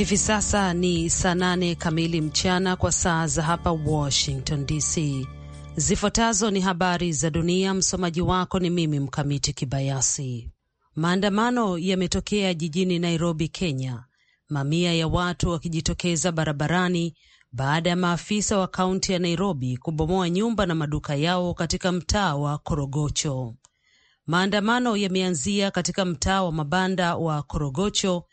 Hivi sasa ni saa nane kamili mchana kwa saa za hapa Washington DC. Zifuatazo ni habari za dunia. Msomaji wako ni mimi Mkamiti Kibayasi. Maandamano yametokea jijini Nairobi, Kenya, mamia ya watu wakijitokeza barabarani baada ya maafisa wa kaunti ya Nairobi kubomoa nyumba na maduka yao katika mtaa wa Korogocho. Maandamano yameanzia katika mtaa wa mabanda wa Korogocho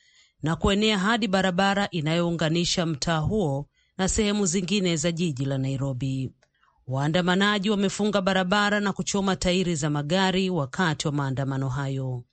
na kuenea hadi barabara inayounganisha mtaa huo na sehemu zingine za jiji la Nairobi. Waandamanaji wamefunga barabara na kuchoma tairi za magari wakati wa maandamano hayo.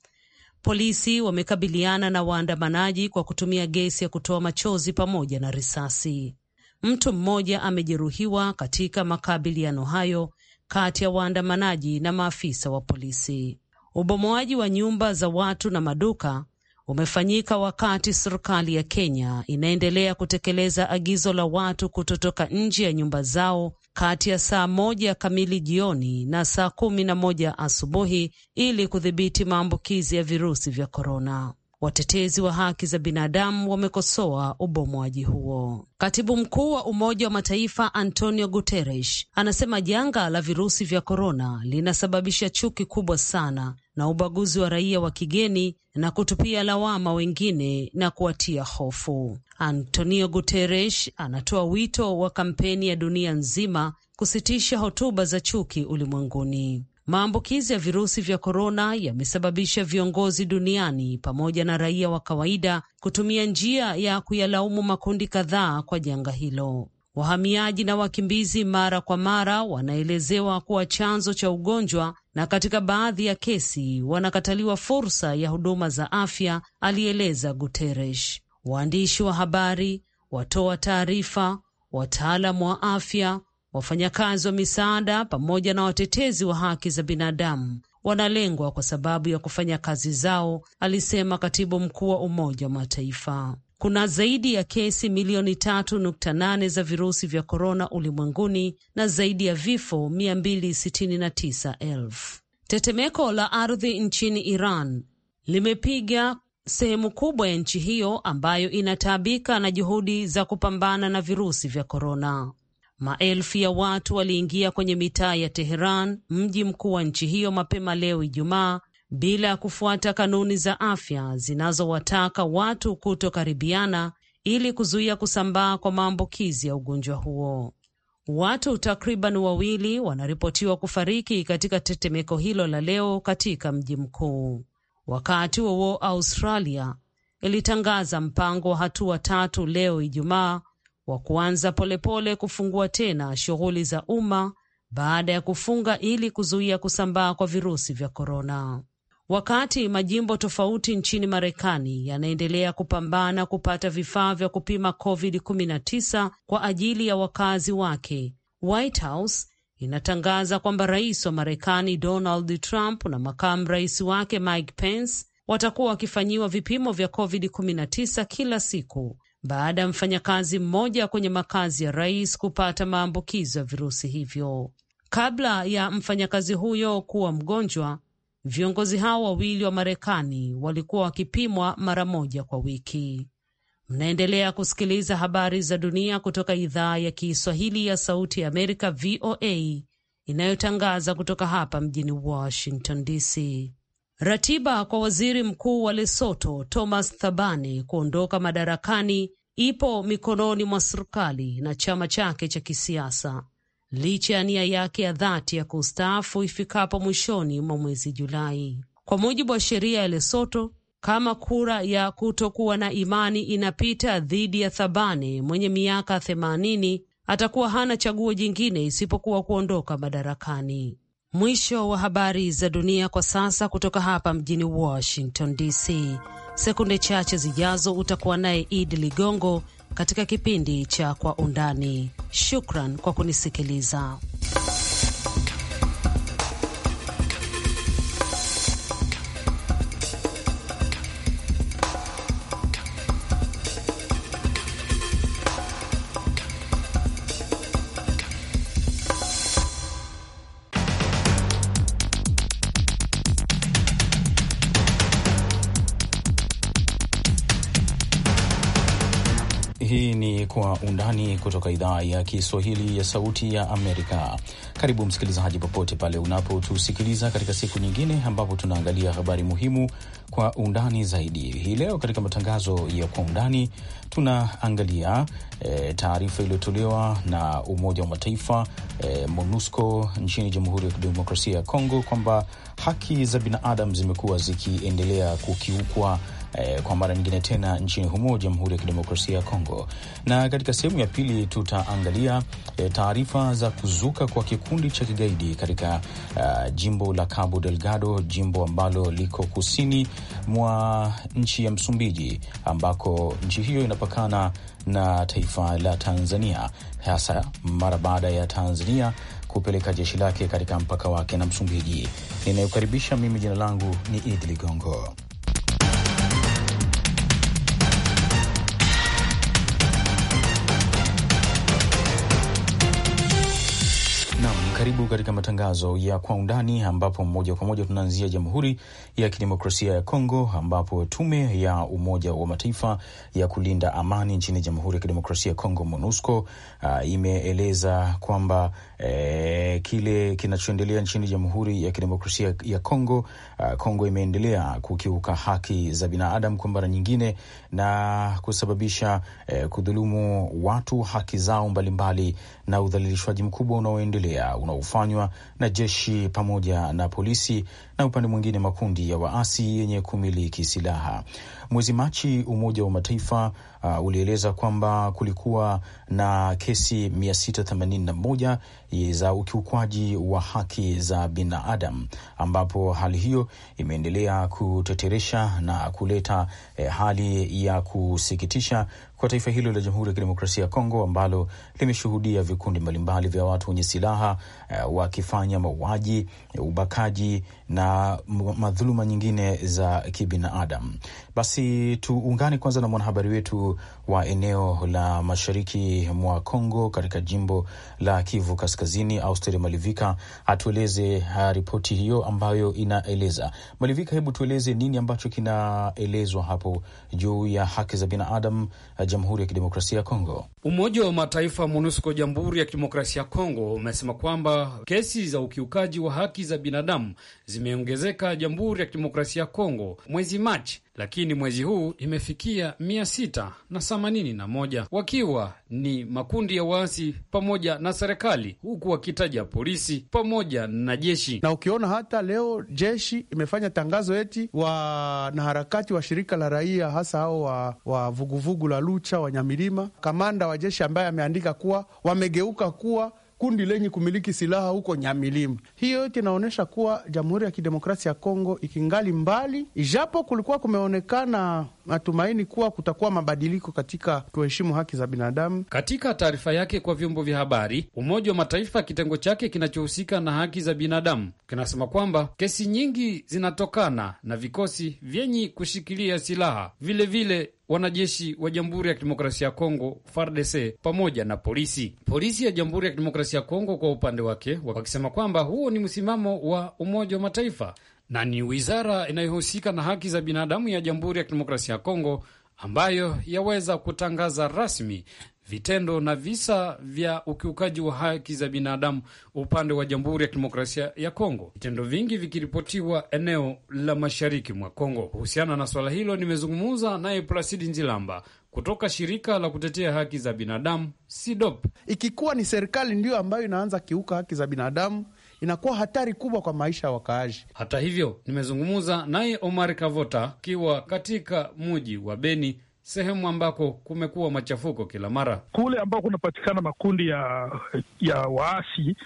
Polisi wamekabiliana na waandamanaji kwa kutumia gesi ya kutoa machozi pamoja na risasi. Mtu mmoja amejeruhiwa katika makabiliano hayo kati ya waandamanaji na maafisa wa polisi. Ubomoaji wa nyumba za watu na maduka umefanyika wakati serikali ya Kenya inaendelea kutekeleza agizo la watu kutotoka nje ya nyumba zao kati ya saa moja kamili jioni na saa kumi na moja asubuhi ili kudhibiti maambukizi ya virusi vya korona. Watetezi wa haki za binadamu wamekosoa ubomoaji huo. Katibu mkuu wa Umoja wa Mataifa Antonio Guterres anasema janga la virusi vya korona linasababisha chuki kubwa sana na ubaguzi wa raia wa kigeni na kutupia lawama wengine na kuwatia hofu. Antonio Guterres anatoa wito wa kampeni ya dunia nzima kusitisha hotuba za chuki ulimwenguni. Maambukizi ya virusi vya korona yamesababisha viongozi duniani pamoja na raia wa kawaida kutumia njia ya kuyalaumu makundi kadhaa kwa janga hilo. Wahamiaji na wakimbizi mara kwa mara wanaelezewa kuwa chanzo cha ugonjwa, na katika baadhi ya kesi wanakataliwa fursa ya huduma za afya, alieleza Guterres. Waandishi wa habari, watoa taarifa, wataalamu wa afya Wafanyakazi wa misaada pamoja na watetezi wa haki za binadamu wanalengwa kwa sababu ya kufanya kazi zao, alisema katibu mkuu wa Umoja wa Mataifa. Kuna zaidi ya kesi milioni tatu nukta nane za virusi vya korona ulimwenguni na zaidi ya vifo mia mbili sitini na tisa elfu. Tetemeko la ardhi nchini Iran limepiga sehemu kubwa ya nchi hiyo ambayo inataabika na juhudi za kupambana na virusi vya korona. Maelfu ya watu waliingia kwenye mitaa ya Teheran, mji mkuu wa nchi hiyo, mapema leo Ijumaa, bila ya kufuata kanuni za afya zinazowataka watu kutokaribiana ili kuzuia kusambaa kwa maambukizi ya ugonjwa huo. Watu takriban wawili wanaripotiwa kufariki katika tetemeko hilo la leo katika mji mkuu. Wakati wowo Australia ilitangaza mpango wa hatua tatu leo Ijumaa wa kuanza polepole kufungua tena shughuli za umma baada ya kufunga ili kuzuia kusambaa kwa virusi vya korona. Wakati majimbo tofauti nchini Marekani yanaendelea kupambana kupata vifaa vya kupima COVID-19 kwa ajili ya wakazi wake, White House inatangaza kwamba rais wa Marekani Donald Trump na makamu rais wake Mike Pence watakuwa wakifanyiwa vipimo vya COVID-19 kila siku baada ya mfanyakazi mmoja kwenye makazi ya rais kupata maambukizo ya virusi hivyo. Kabla ya mfanyakazi huyo kuwa mgonjwa, viongozi hao wawili wa Marekani walikuwa wakipimwa mara moja kwa wiki. Mnaendelea kusikiliza habari za dunia kutoka idhaa ya Kiswahili ya Sauti ya Amerika, VOA, inayotangaza kutoka hapa mjini Washington DC. Ratiba kwa waziri mkuu wa lesoto Thomas Thabane kuondoka madarakani ipo mikononi mwa serikali na chama chake cha kisiasa licha ya nia yake ya dhati ya kustaafu ifikapo mwishoni mwa mwezi Julai, kwa mujibu wa sheria ya lesoto Kama kura ya kutokuwa na imani inapita dhidi ya Thabane mwenye miaka themanini, atakuwa hana chaguo jingine isipokuwa kuondoka madarakani. Mwisho wa habari za dunia kwa sasa kutoka hapa mjini Washington DC. Sekunde chache zijazo utakuwa naye Idi Ligongo katika kipindi cha Kwa Undani. Shukran kwa kunisikiliza. Undani kutoka idhaa ya Kiswahili ya Sauti ya Amerika. Karibu msikilizaji, popote pale unapotusikiliza katika siku nyingine ambapo tunaangalia habari muhimu kwa undani zaidi. Hii leo katika matangazo ya kwa undani tunaangalia e, taarifa iliyotolewa na Umoja wa Mataifa e, MONUSCO nchini Jamhuri ya Kidemokrasia ya Kongo kwamba haki za binadamu zimekuwa zikiendelea kukiukwa eh, kwa mara nyingine tena nchini humo Jamhuri ya Kidemokrasia ya Kongo. Na katika sehemu ya pili tutaangalia eh, taarifa za kuzuka kwa kikundi cha kigaidi katika uh, jimbo la Cabo Delgado, jimbo ambalo liko kusini mwa nchi ya Msumbiji, ambako nchi hiyo inapakana na taifa la Tanzania, hasa mara baada ya Tanzania kupeleka jeshi lake katika mpaka wake na Msumbiji. Ninayokaribisha mimi, jina langu ni Idi Ligongo. Karibu katika matangazo ya kwa undani, ambapo moja kwa moja tunaanzia Jamhuri ya Kidemokrasia ya Kongo, ambapo tume ya Umoja wa Mataifa ya kulinda amani nchini Jamhuri ya Kidemokrasia ya Kongo, MONUSCO, uh, imeeleza kwamba e, kile kinachoendelea nchini Jamhuri ya Kidemokrasia ya Kongo. Uh, Kongo imeendelea kukiuka haki za binadamu kwa mara nyingine na kusababisha eh, kudhulumu watu haki zao mbalimbali na udhalilishwaji mkubwa unaoendelea unaofanywa na jeshi pamoja na polisi na upande mwingine makundi ya waasi yenye kumiliki silaha. Mwezi Machi, Umoja wa Mataifa uh, ulieleza kwamba kulikuwa na kesi 681 za ukiukwaji wa haki za binadamu, ambapo hali hiyo imeendelea kuteteresha na kuleta eh, hali ya kusikitisha kwa taifa hilo la Jamhuri ya Kidemokrasia ya Kongo ambalo limeshuhudia vikundi mbalimbali vya watu wenye silaha uh, wakifanya mauaji, ubakaji na madhuluma nyingine za kibinadamu. Basi tuungane kwanza na mwanahabari wetu wa eneo la mashariki mwa Kongo katika jimbo la Kivu Kaskazini, Austeri Malivika atueleze uh, ripoti hiyo ambayo inaeleza. Malivika, hebu tueleze nini ambacho kinaelezwa hapo juu ya haki za binadamu uh, Jamhuri ya Kidemokrasia ya Kongo. Umoja wa Mataifa MONUSCO Jamhuri ya Kidemokrasia ya Kongo umesema kwamba kesi za ukiukaji wa haki za binadamu zimeongezeka Jamhuri ya Kidemokrasia ya Kongo. Mwezi Machi lakini mwezi huu imefikia mia sita na na moja wakiwa ni makundi ya waasi pamoja na serikali, huku wakitaja polisi pamoja na jeshi. Na ukiona hata leo jeshi imefanya tangazo eti wanaharakati wa shirika la raia hasa hao wa, wa vuguvugu la Lucha Wanyamilima, kamanda wa jeshi ambaye ameandika kuwa wamegeuka kuwa kundi lenye kumiliki silaha huko Nyamilima. Hiyo yote inaonyesha kuwa Jamhuri ya Kidemokrasia ya Kongo ikingali mbali, ijapo kulikuwa kumeonekana matumaini kuwa kutakuwa mabadiliko katika kuheshimu haki za binadamu. Katika taarifa yake kwa vyombo vya habari, Umoja wa Mataifa kitengo chake kinachohusika na haki za binadamu kinasema kwamba kesi nyingi zinatokana na vikosi vyenye kushikilia silaha vilevile wanajeshi wa Jamhuri ya Kidemokrasia ya Kongo FARDC pamoja na polisi. Polisi ya Jamhuri ya Kidemokrasia ya Kongo kwa upande wake wakisema kwamba huo ni msimamo wa Umoja wa Mataifa na ni wizara inayohusika na haki za binadamu ya Jamhuri ya Kidemokrasia ya Kongo ambayo yaweza kutangaza rasmi vitendo na visa vya ukiukaji wa haki za binadamu upande wa Jamhuri ya Kidemokrasia ya Kongo, vitendo vingi vikiripotiwa eneo la mashariki mwa Kongo. Kuhusiana na swala hilo, nimezungumza naye Plasidi Njilamba kutoka shirika la kutetea haki za binadamu SIDOP. Ikikuwa ni serikali ndiyo ambayo inaanza kiuka haki za binadamu inakuwa hatari kubwa kwa maisha ya wakaaji. Hata hivyo, nimezungumza naye Omar Kavota akiwa katika muji wa Beni sehemu ambako kumekuwa machafuko kila mara, kule ambako kunapatikana makundi ya, ya waasi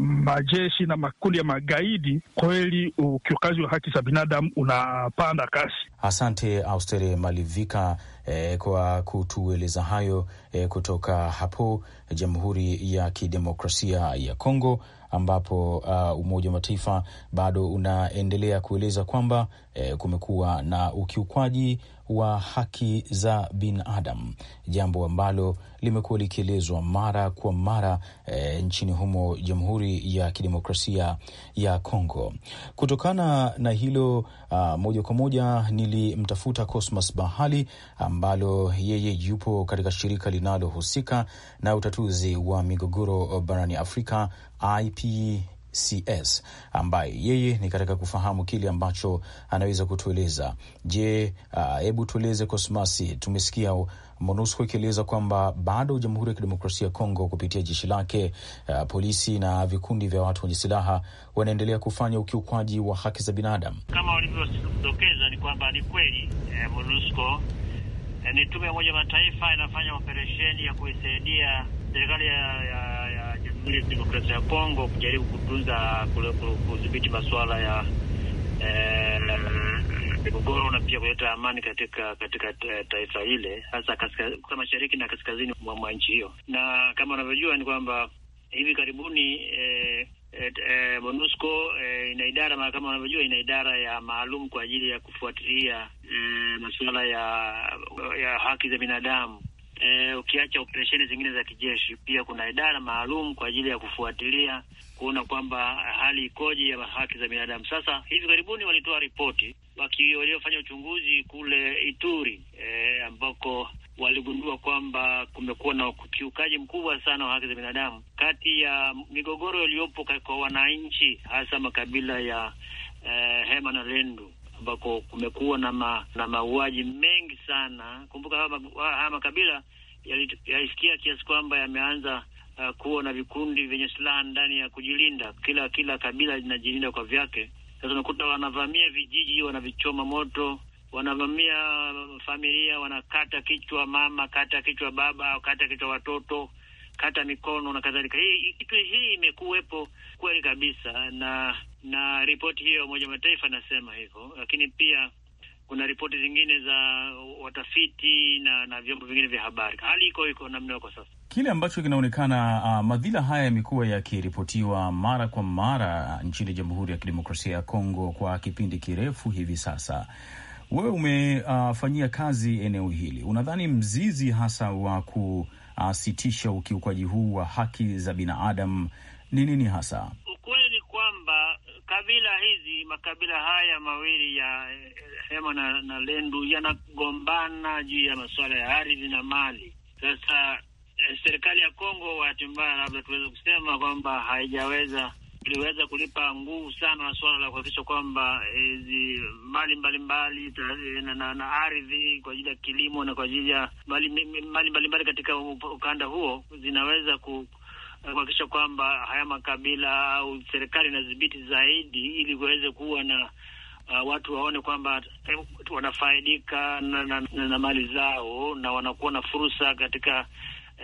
majeshi na makundi ya magaidi, kweli ukiukaji wa haki za binadamu unapanda kasi. Asante Austeri Malivika eh, kwa kutueleza hayo eh, kutoka hapo Jamhuri ya Kidemokrasia ya Kongo ambapo uh, Umoja wa Mataifa bado unaendelea kueleza kwamba eh, kumekuwa na ukiukwaji wa haki za binadamu, jambo ambalo limekuwa likielezwa mara kwa mara e, nchini humo Jamhuri ya Kidemokrasia ya Kongo. Kutokana na hilo a, ah, moja kwa moja nilimtafuta Cosmas Bahali ambalo yeye yupo katika shirika linalohusika na utatuzi wa migogoro barani Afrika IP CS ambaye yeye ni katika kufahamu kile ambacho anaweza kutueleza. Je, ah, hebu uh, tueleze Kosmasi, tumesikia MONUSCO ikieleza kwamba bado Jamhuri ya Kidemokrasia ya Kongo kupitia jeshi lake, uh, polisi na vikundi vya watu wenye silaha wanaendelea kufanya ukiukwaji wa haki za binadamu. Kama walivyodokeza ni kwamba ni kweli eh, MONUSCO eh, ni tume ya Umoja Mataifa inafanya operesheni ya kuisaidia serikali ya, ya Jamhuri ya Demokrasia ya Kongo kujaribu kutunza, kudhibiti masuala ya eh, migogoro na pia kuleta amani katika katika eh, taifa hile, hasa katika mashariki na kaskazini mwa nchi hiyo. Na kama unavyojua ni kwamba hivi karibuni eh, eh, eh MONUSCO eh, ina idara kama unavyojua, ina idara ya maalum kwa ajili ya kufuatilia eh, masuala ya, ya haki za binadamu E, ukiacha operesheni zingine za kijeshi, pia kuna idara maalum kwa ajili ya kufuatilia kuona kwamba hali ikoje ya haki za binadamu. Sasa hivi karibuni walitoa ripoti waliofanya uchunguzi kule Ituri e, ambako waligundua kwamba kumekuwa na ukiukaji mkubwa sana wa haki za binadamu kati ya migogoro iliyopo kwa wananchi hasa makabila ya e, Hema na Lendu ambako kumekuwa na ma, na mauaji mengi sana. Kumbuka haya makabila yalisikia kiasi kwamba yameanza uh, kuwa na vikundi vyenye silaha ndani ya kujilinda. Kila kila kabila linajilinda kwa vyake. Sasa unakuta wanavamia vijiji, wanavichoma moto, wanavamia uh, familia, wanakata kichwa mama, kata kichwa baba, kata kichwa watoto, kata mikono na kadhalika. Hii kitu hii imekuwepo kweli kabisa na na ripoti hiyo ya Umoja Mataifa inasema hivyo, lakini pia kuna ripoti zingine za watafiti na na vyombo vingine vya habari. Hali iko iko namna kwa sasa, kile ambacho kinaonekana uh, madhila haya yamekuwa yakiripotiwa mara kwa mara nchini Jamhuri ya Kidemokrasia ya Kongo kwa kipindi kirefu hivi sasa. Wewe umefanyia uh, kazi eneo hili, unadhani mzizi hasa wa kusitisha uh, ukiukwaji huu wa haki za binadamu ni nini hasa? kabila hizi makabila haya mawili ya eh, Hema na, na Lendu yanagombana juu ya masuala ya ardhi na mali. Sasa eh, serikali ya Kongo, bahati mbaya, labda tuweze kusema kwamba haijaweza iliweza kulipa nguvu sana suala la kuhakikisha kwamba hizi eh, mali mbalimbali mbali, na, na, na ardhi kwa ajili ya kilimo na kwa ajili ya mali mbalimbali mbali katika ukanda huo zinaweza kuhakikisha kwamba haya makabila au serikali inadhibiti zaidi, ili kuweze kuwa na uh, watu waone kwamba eh, wanafaidika na, na, na, na mali zao na wanakuwa na fursa katika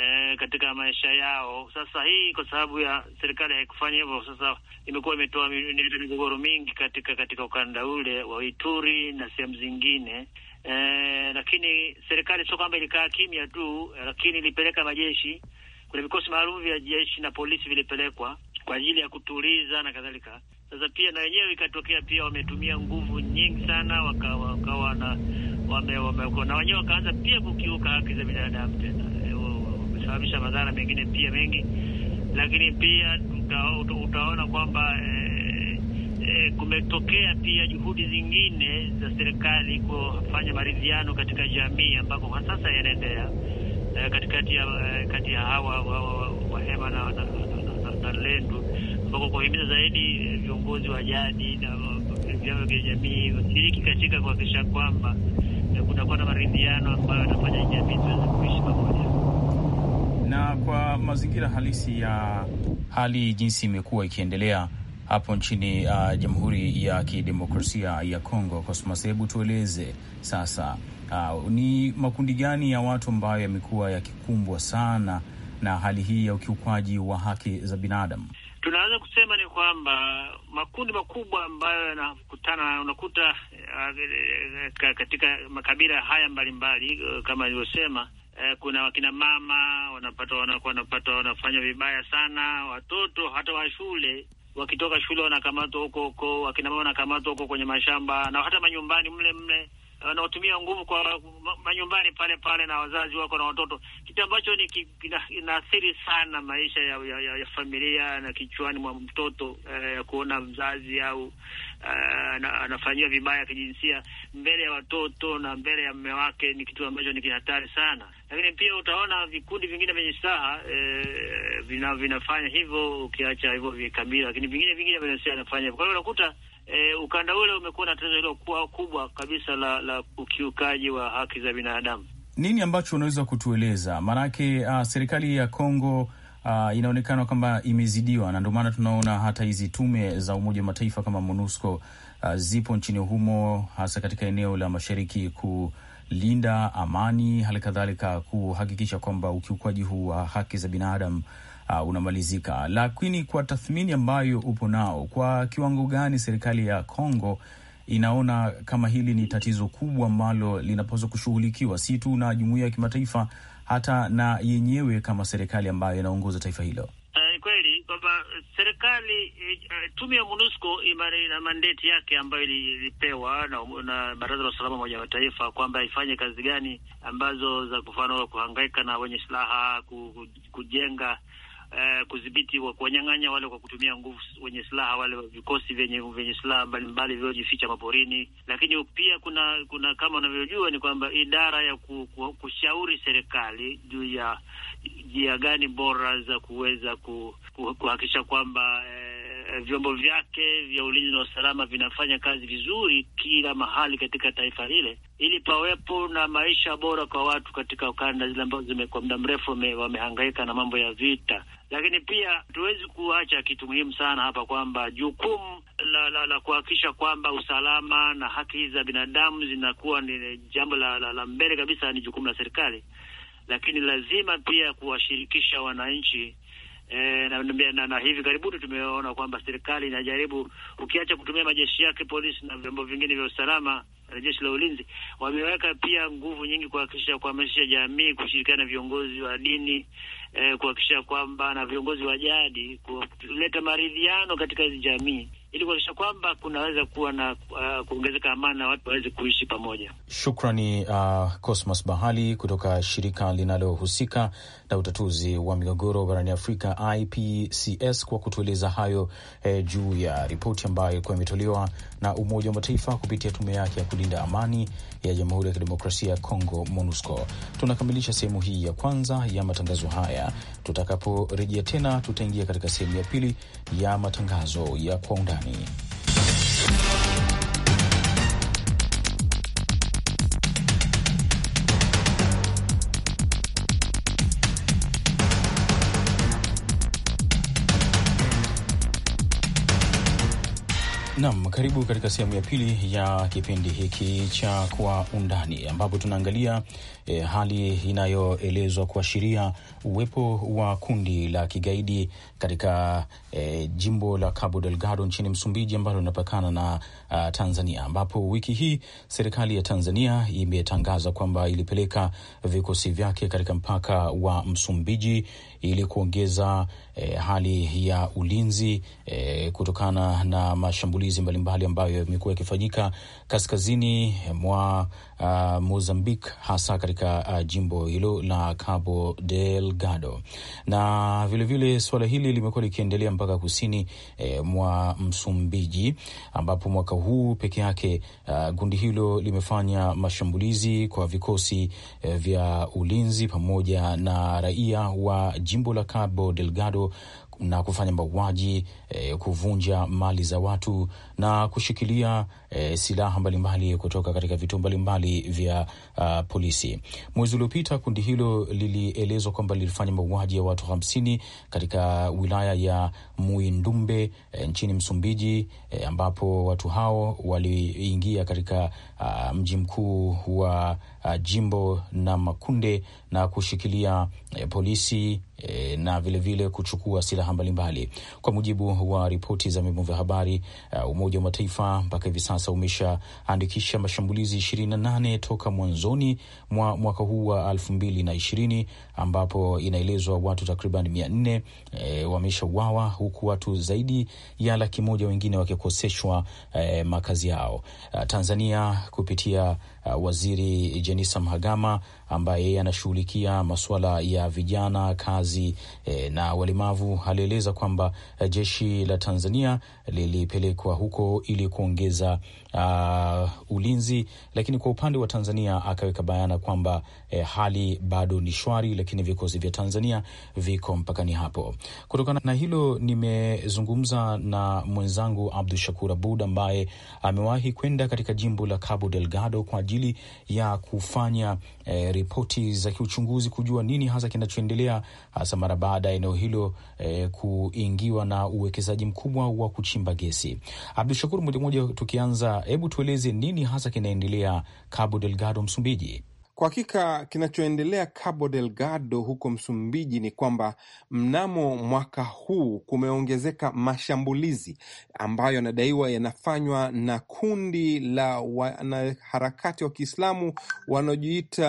E, katika maisha yao. Sasa hii kwa sababu ya serikali haikufanya hivyo, sasa imekuwa imetoa migogoro mingi katika katika ukanda ule wa Ituri na sehemu zingine e, lakini serikali sio kwamba ilikaa kimya tu, lakini ilipeleka majeshi kuna vikosi maalum vya jeshi na polisi vilipelekwa kwa ajili ya kutuliza na kadhalika. Sasa pia na wenyewe ikatokea pia wametumia nguvu nyingi sana, wakawa waka, waka, wame, wame, na wenyewe wakaanza pia kukiuka haki za binadamu tena, eh, wamesababisha madhara mengine pia mengi, lakini pia uta, utaona kwamba e, e, kumetokea pia juhudi zingine za serikali kufanya maridhiano katika jamii ambako kwa sasa yanaendelea katikati eh, ya eh, kati ya hawa Wahema na Lendu, ambako kuhimiza zaidi eh, viongozi wa jadi na vyama vya jamii washiriki katika kuhakikisha kwamba kunakuwa na maridhiano ambayo yanafanya jamii tuweze kuishi pamoja. Na kwa mazingira halisi ya hali jinsi imekuwa ikiendelea hapo nchini uh, Jamhuri ya Kidemokrasia ya Kongo, Cosmas, hebu tueleze sasa Uh, ni makundi gani ya watu ambayo yamekuwa yakikumbwa sana na hali hii ya ukiukwaji wa haki za binadamu? Tunaweza kusema ni kwamba makundi makubwa ambayo yanakutana unakuta uh, katika makabila haya mbalimbali uh, kama alivyosema uh, eh, kuna wakina mama wanapata wanakuwa wanapata wanafanya vibaya sana, watoto hata wa shule wakitoka shule wanakamatwa huko huko, wakina mama wanakamatwa huko kwenye mashamba na hata manyumbani mle mle wanaotumia nguvu kwa manyumbani pale pale na wazazi wako na watoto, kitu ambacho ni inaathiri sana maisha ya, ya, ya familia na kichwani mwa mtoto eh, kuona mzazi au eh, anafanyiwa vibaya kijinsia mbele ya watoto na mbele ya mume wake, ni kitu ambacho ni kihatari sana. Lakini pia utaona vikundi vingine vyenye silaha eh, vina, vinafanya hivyo, ukiacha hivyo vikabila, lakini vingine vingine vyenye silaha vinafanya hivyo, kwa hiyo unakuta e, ukanda ule umekuwa na tatizo hilo kubwa kabisa la, la ukiukaji wa haki za binadamu. Nini ambacho unaweza kutueleza? Maanake uh, serikali ya Kongo Uh, inaonekana kwamba imezidiwa na ndio maana tunaona hata hizi tume za Umoja wa Mataifa kama MONUSCO uh, zipo nchini humo hasa katika eneo la mashariki kulinda amani, hali kadhalika kuhakikisha kwamba ukiukwaji huu wa haki za binadamu uh, unamalizika. Lakini kwa tathmini ambayo upo nao, kwa kiwango gani serikali ya Kongo inaona kama hili ni tatizo kubwa ambalo linapaswa kushughulikiwa si tu na jumuiya ya kimataifa, hata na yenyewe kama serikali ambayo inaongoza taifa hilo? Eh, ni kweli kwamba serikali eh, eh, tume ya MONUSCO ina mandeti yake ambayo ilipewa na, na Baraza la Usalama Umoja wa Mataifa kwamba ifanye kazi gani ambazo za kufanana kuhangaika na wenye silaha, kujenga eh, kudhibiti wa kuwanyang'anya wale kwa kutumia nguvu wenye silaha wale vikosi vyenye vyenye silaha mbalimbali vilivyojificha maporini. Lakini pia kuna kuna kama unavyojua ni kwamba idara ya ku, ku, kushauri serikali juu ya njia gani bora za kuweza ku, ku, kuhakikisha kwamba eh, vyombo vyake vya ulinzi na usalama vinafanya kazi vizuri kila mahali katika taifa lile ili pawepo na maisha bora kwa watu katika ukanda zile ambazo zime kwa muda mrefu wamehangaika na mambo ya vita. Lakini pia tuwezi kuacha kitu muhimu sana hapa kwamba jukumu la, la, la kuhakikisha kwamba usalama na haki za binadamu zinakuwa ni jambo la, la, la mbele kabisa, ni jukumu la serikali, lakini lazima pia kuwashirikisha wananchi E, na, na, na hivi karibuni tumeona kwamba serikali inajaribu, ukiacha kutumia majeshi yake, polisi na vyombo vingine vya usalama na jeshi la ulinzi, wameweka pia nguvu nyingi kuhakikisha kuhamasisha jamii kushirikiana na viongozi wa dini e, kuhakikisha kwamba na viongozi wa jadi kuleta maridhiano katika hizi jamii ili kuhakikisha kwamba kunaweza kuwa na uh, kuongezeka amani na watu waweze kuishi pamoja. Shukrani uh, Cosmas Bahali kutoka shirika linalohusika na utatuzi wa migogoro barani Afrika IPCS kwa kutueleza hayo eh, juu ya ripoti ambayo ilikuwa imetolewa na Umoja wa Mataifa kupitia tume yake ya kulinda amani ya Jamhuri ya Kidemokrasia ya Kongo MONUSCO. Tunakamilisha sehemu hii ya kwanza ya matangazo haya. Tutakaporejea tena, tutaingia katika sehemu ya pili ya matangazo ya kwa undani. Marekani. nam karibu katika sehemu ya pili ya kipindi hiki cha Kwa Undani, ambapo tunaangalia e, hali inayoelezwa kuashiria uwepo wa kundi la kigaidi katika e, jimbo la Cabo Delgado nchini Msumbiji, ambalo linapakana na a, ah, Tanzania, ambapo wiki hii serikali ya Tanzania imetangaza kwamba ilipeleka vikosi vyake katika mpaka wa Msumbiji ili kuongeza e, hali ya ulinzi e, kutokana na mashambulizi mbalimbali ambayo yamekuwa yakifanyika kaskazini mwa uh, Mozambique, hasa katika uh, jimbo hilo la Cabo Delgado, na vilevile suala hili limekuwa likiendelea mpaka kusini eh, mwa Msumbiji, ambapo mwaka huu peke yake uh, hilo limefanya mashambulizi kwa vikosi eh, vya ulinzi pamoja na raia wa jimbo la Cabo Delgado na kufanya mauaji e, kuvunja mali za watu na kushikilia e, silaha mbalimbali kutoka katika vituo mbalimbali vya uh, polisi. Mwezi uliopita kundi hilo lilielezwa kwamba lilifanya mauaji ya watu hamsini katika wilaya ya Muindumbe e, nchini Msumbiji e, ambapo watu hao waliingia katika uh, mji mkuu wa uh, jimbo na makunde na kushikilia eh, polisi eh, na vilevile vile kuchukua silaha mbalimbali. Kwa mujibu wa ripoti za vyombo vya habari, uh, Umoja wa Mataifa mpaka hivi sasa umeshaandikisha mashambulizi 28 toka mwanzoni mwa mwaka huu wa elfu mbili na ishirini ambapo inaelezwa watu takriban mia nne e, wameshauawa huku watu zaidi ya laki moja wengine wakikoseshwa e, makazi yao. Ah, Tanzania kupitia ah, waziri Jenisa Mhagama ambaye yeye anashughulikia masuala ya vijana, kazi e, na walemavu alieleza kwamba eh, jeshi la Tanzania lilipelekwa huko ili kuongeza uh, ulinzi, lakini kwa upande wa Tanzania akaweka bayana kwamba e, hali bado ni shwari, lakini vikosi vya Tanzania viko mpakani hapo. Kutokana na hilo, nimezungumza na mwenzangu Abdu Shakur Abud ambaye amewahi kwenda katika jimbo la Cabo Delgado kwa ajili ya kufanya e, ripoti za kiuchunguzi kujua nini hasa kinachoendelea hasa mara baada ya eneo hilo e, kuingiwa na uwekezaji mkubwa wa kuchimba gesi. Abdu Shakur, moja moja tukianza, hebu tueleze nini hasa kinaendelea Cabo Delgado, Msumbiji? Kwa hakika kinachoendelea Cabo Delgado huko Msumbiji ni kwamba mnamo mwaka huu kumeongezeka mashambulizi ambayo yanadaiwa yanafanywa na kundi la wanaharakati wa Kiislamu wanaojiita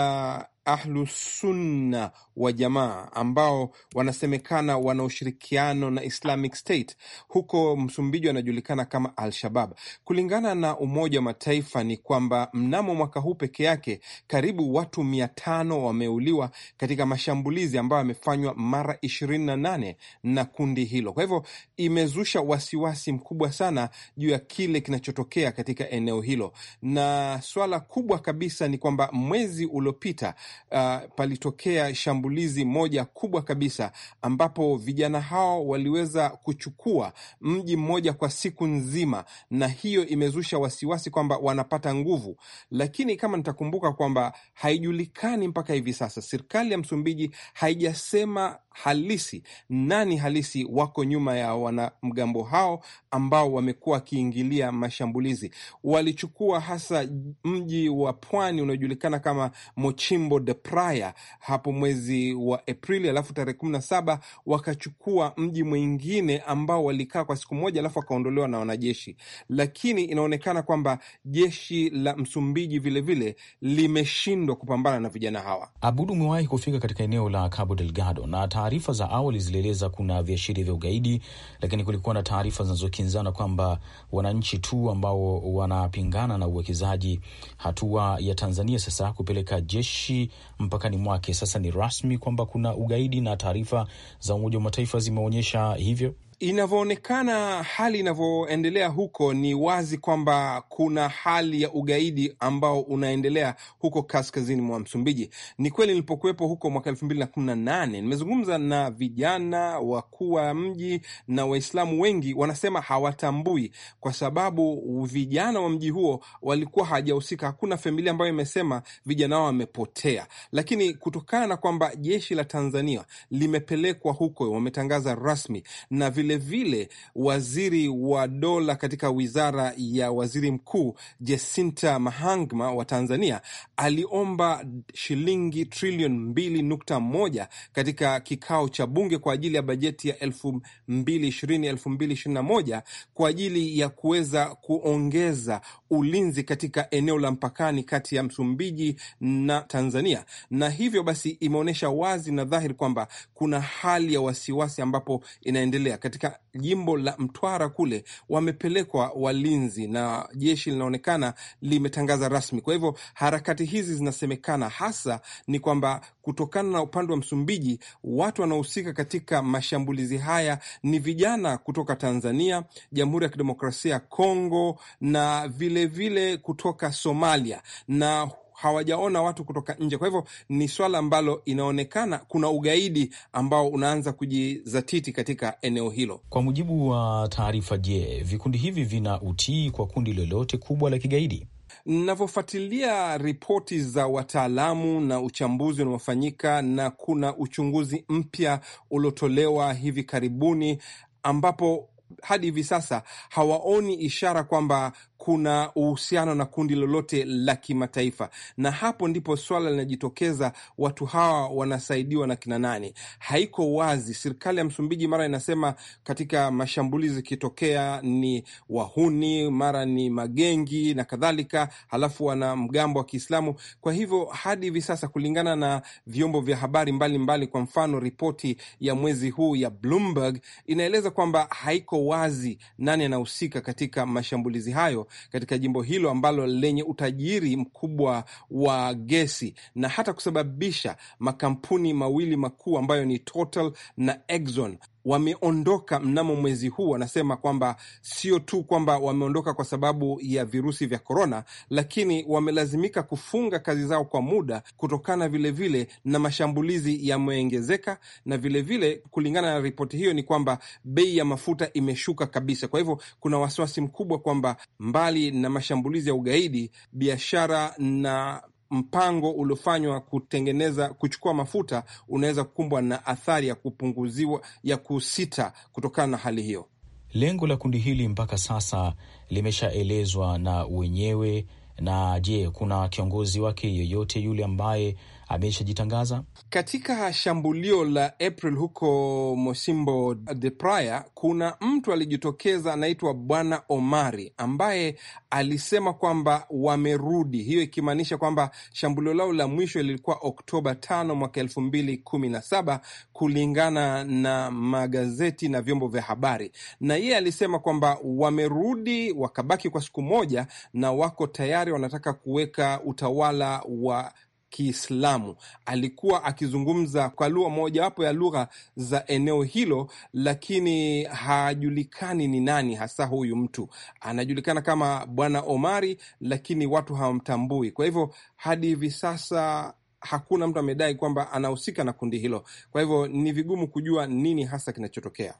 Ahlusunna wa Jamaa ambao wanasemekana wana ushirikiano na Islamic State huko Msumbiji, wanajulikana kama Al-Shabab. Kulingana na Umoja wa Mataifa ni kwamba mnamo mwaka huu peke yake karibu watu mia tano wameuliwa katika mashambulizi ambayo yamefanywa mara ishirini na nane na kundi hilo. Kwa hivyo imezusha wasiwasi mkubwa sana juu ya kile kinachotokea katika eneo hilo, na swala kubwa kabisa ni kwamba mwezi uliopita uh, palitokea shambulizi moja kubwa kabisa ambapo vijana hao waliweza kuchukua mji mmoja kwa siku nzima, na hiyo imezusha wasiwasi kwamba wanapata nguvu, lakini kama nitakumbuka kwamba haijulikani mpaka hivi sasa. Serikali ya Msumbiji haijasema halisi nani halisi wako nyuma ya wanamgambo hao ambao wamekuwa wakiingilia mashambulizi. Walichukua hasa mji wa pwani unaojulikana kama Mochimbo de Praia hapo mwezi wa Aprili, alafu tarehe kumi na saba wakachukua mji mwingine ambao walikaa kwa siku moja, alafu wakaondolewa na wanajeshi. Lakini inaonekana kwamba jeshi la Msumbiji vilevile limeshindwa kupambana na vijana hawa. Abudu umewahi kufika katika eneo la Cabo Delgado, na taarifa za awali zilieleza kuna viashiria vya ugaidi, lakini kulikuwa na taarifa zinazokinzana kwamba wananchi tu ambao wanapingana na uwekezaji. Hatua ya Tanzania sasa kupeleka jeshi mpakani mwake. Sasa ni rasmi kwamba kuna ugaidi na taarifa za Umoja wa Mataifa zimeonyesha hivyo Inavyoonekana hali inavyoendelea huko, ni wazi kwamba kuna hali ya ugaidi ambao unaendelea huko kaskazini mwa Msumbiji. Ni kweli nilipokuwepo huko mwaka elfu mbili na kumi na nane nimezungumza na vijana wakuu wa mji na Waislamu wengi wanasema hawatambui, kwa sababu vijana wa mji huo walikuwa hawajahusika. Hakuna familia ambayo imesema vijana wao wamepotea, lakini kutokana na kwamba jeshi la Tanzania limepelekwa huko, wametangaza rasmi na vilevile vile waziri wa dola katika wizara ya waziri mkuu Jacinta Mahangma wa Tanzania aliomba shilingi trilioni mbili nukta moja katika kikao cha bunge kwa ajili ya bajeti ya elfu mbili ishirini elfu mbili ishirini na moja kwa ajili ya kuweza kuongeza ulinzi katika eneo la mpakani kati ya Msumbiji na Tanzania, na hivyo basi imeonyesha wazi na dhahiri kwamba kuna hali ya wasiwasi ambapo inaendelea katika jimbo la Mtwara kule wamepelekwa walinzi na jeshi linaonekana limetangaza rasmi. Kwa hivyo harakati hizi zinasemekana hasa ni kwamba kutokana na upande wa Msumbiji, watu wanaohusika katika mashambulizi haya ni vijana kutoka Tanzania, Jamhuri ya Kidemokrasia ya Kongo na vilevile vile kutoka Somalia na hawajaona watu kutoka nje. Kwa hivyo ni swala ambalo inaonekana kuna ugaidi ambao unaanza kujizatiti katika eneo hilo. Kwa mujibu wa taarifa, je, vikundi hivi vina utii kwa kundi lolote kubwa la kigaidi? Navyofuatilia ripoti za wataalamu na uchambuzi unaofanyika na kuna uchunguzi mpya uliotolewa hivi karibuni ambapo hadi hivi sasa hawaoni ishara kwamba kuna uhusiano na kundi lolote la kimataifa, na hapo ndipo swala linajitokeza, watu hawa wanasaidiwa na kina nani? Haiko wazi. Serikali ya Msumbiji mara inasema katika mashambulizi ikitokea ni wahuni, mara ni magengi na kadhalika, halafu wana mgambo wa Kiislamu. Kwa hivyo hadi hivi sasa, kulingana na vyombo vya habari mbalimbali mbali, kwa mfano ripoti ya mwezi huu ya Bloomberg inaeleza kwamba haiko wazi nani anahusika katika mashambulizi hayo katika jimbo hilo ambalo lenye utajiri mkubwa wa gesi na hata kusababisha makampuni mawili makuu ambayo ni Total na Exxon wameondoka mnamo mwezi huu, wanasema kwamba sio tu kwamba wameondoka kwa sababu ya virusi vya korona, lakini wamelazimika kufunga kazi zao kwa muda kutokana vilevile vile na mashambulizi yameongezeka, na vilevile vile kulingana na ripoti hiyo ni kwamba bei ya mafuta imeshuka kabisa. Kwa hivyo kuna wasiwasi mkubwa kwamba mbali na mashambulizi ya ugaidi, biashara na mpango uliofanywa kutengeneza kuchukua mafuta unaweza kukumbwa na athari ya kupunguziwa ya kusita kutokana na hali hiyo. Lengo la kundi hili mpaka sasa limeshaelezwa na wenyewe. Na je, kuna kiongozi wake yeyote yule ambaye ameshajitangaza katika shambulio la April huko Mosimbo de Praia. Kuna mtu alijitokeza anaitwa Bwana Omari ambaye alisema kwamba wamerudi, hiyo ikimaanisha kwamba shambulio lao la mwisho lilikuwa Oktoba tano mwaka elfu mbili kumi na saba kulingana na magazeti na vyombo vya habari, na yeye alisema kwamba wamerudi, wakabaki kwa siku moja na wako tayari, wanataka kuweka utawala wa Kiislamu. Alikuwa akizungumza kwa lugha mojawapo ya lugha za eneo hilo, lakini hajulikani ni nani hasa huyu mtu. Anajulikana kama Bwana Omari, lakini watu hawamtambui. Kwa hivyo hadi hivi sasa hakuna mtu amedai kwamba anahusika na kundi hilo. Kwa hivyo ni vigumu kujua nini hasa kinachotokea.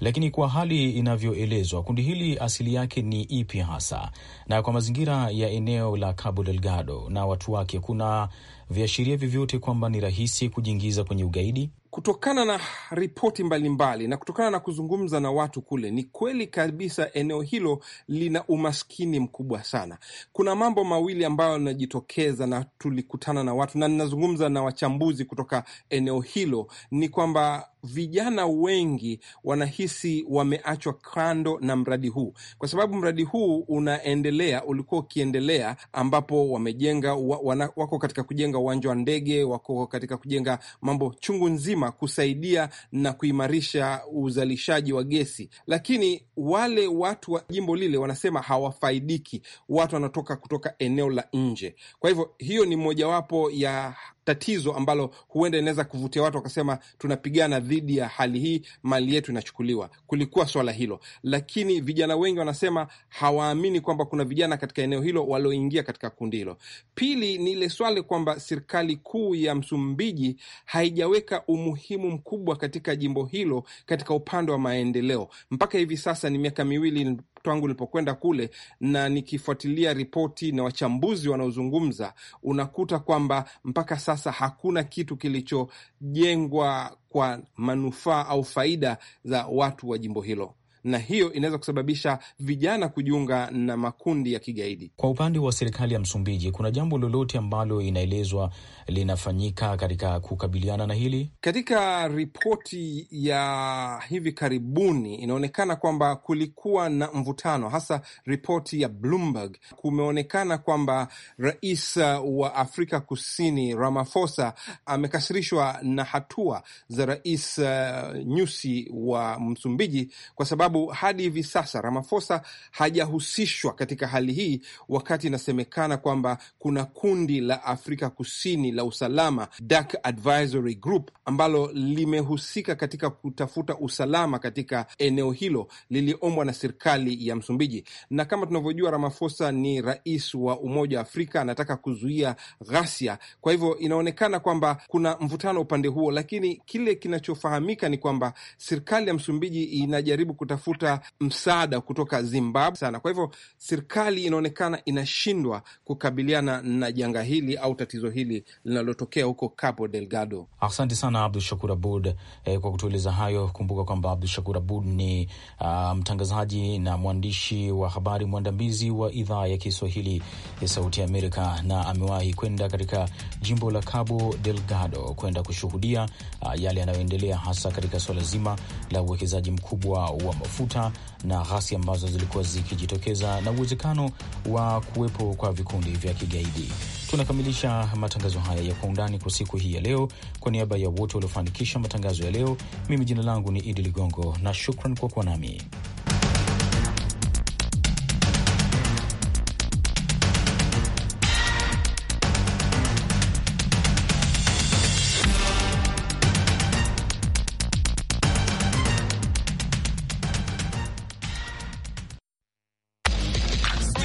Lakini kwa hali inavyoelezwa, kundi hili asili yake ni ipi hasa, na kwa mazingira ya eneo la Cabo Delgado na watu wake, kuna viashiria vyovyote kwamba ni rahisi kujiingiza kwenye ugaidi? Kutokana na ripoti mbalimbali na kutokana na kuzungumza na watu kule, ni kweli kabisa eneo hilo lina umaskini mkubwa sana. Kuna mambo mawili ambayo yanajitokeza, na tulikutana na watu na ninazungumza na wachambuzi kutoka eneo hilo, ni kwamba vijana wengi wanahisi wameachwa kando na mradi huu, kwa sababu mradi huu unaendelea, ulikuwa ukiendelea, ambapo wamejenga, wako katika kujenga uwanja wa ndege, wako katika kujenga mambo chungu nzima vyema kusaidia na kuimarisha uzalishaji wa gesi, lakini wale watu wa jimbo lile wanasema hawafaidiki, watu wanatoka kutoka eneo la nje. Kwa hivyo hiyo ni mojawapo ya tatizo ambalo huenda inaweza kuvutia watu wakasema, tunapigana dhidi ya hali hii, mali yetu inachukuliwa. Kulikuwa swala hilo, lakini vijana wengi wanasema hawaamini kwamba kuna vijana katika eneo hilo walioingia katika kundi hilo. Pili ni ile swali kwamba serikali kuu ya Msumbiji haijaweka umuhimu mkubwa katika jimbo hilo katika upande wa maendeleo mpaka hivi sasa. Ni miaka miwili tangu nilipokwenda kule na nikifuatilia ripoti na wachambuzi wanaozungumza, unakuta kwamba mpaka sasa hakuna kitu kilichojengwa kwa manufaa au faida za watu wa jimbo hilo na hiyo inaweza kusababisha vijana kujiunga na makundi ya kigaidi. Kwa upande wa serikali ya Msumbiji, kuna jambo lolote ambalo inaelezwa linafanyika katika kukabiliana na hili? Katika ripoti ya hivi karibuni inaonekana kwamba kulikuwa na mvutano, hasa ripoti ya Bloomberg. Kumeonekana kwamba rais wa Afrika Kusini Ramaphosa amekasirishwa na hatua za rais uh, Nyusi wa Msumbiji kwa sababu sababu hadi hivi sasa ramafosa hajahusishwa katika hali hii, wakati inasemekana kwamba kuna kundi la Afrika Kusini la usalama Dark Advisory Group ambalo limehusika katika kutafuta usalama katika eneo hilo, liliombwa na serikali ya Msumbiji. Na kama tunavyojua, ramafosa ni rais wa Umoja wa Afrika, anataka kuzuia ghasia. Kwa hivyo inaonekana kwamba kuna mvutano upande huo, lakini kile kinachofahamika ni kwamba serikali ya Msumbiji inajaribu kutafuta kutafuta msaada kutoka Zimbabwe sana. Kwa hivyo serikali inaonekana inashindwa kukabiliana na janga hili au tatizo hili linalotokea huko Cabo Delgado. Asante sana Abdu Shakur Abud eh, kwa kutueleza hayo. Kumbuka kwamba Abdu Shakur Abud ni uh, mtangazaji na mwandishi wa habari mwandamizi wa idhaa ya Kiswahili ya Sauti ya Amerika na amewahi kwenda katika jimbo la Cabo Delgado kwenda kushuhudia uh, yale yanayoendelea hasa katika suala zima la uwekezaji mkubwa wa mafuta na ghasi ambazo zilikuwa zikijitokeza na uwezekano wa kuwepo kwa vikundi vya kigaidi. Tunakamilisha matangazo haya ya kwa undani kwa siku hii ya leo. Kwa niaba ya wote waliofanikisha matangazo ya leo, mimi jina langu ni Idi Ligongo na shukran kwa kuwa nami.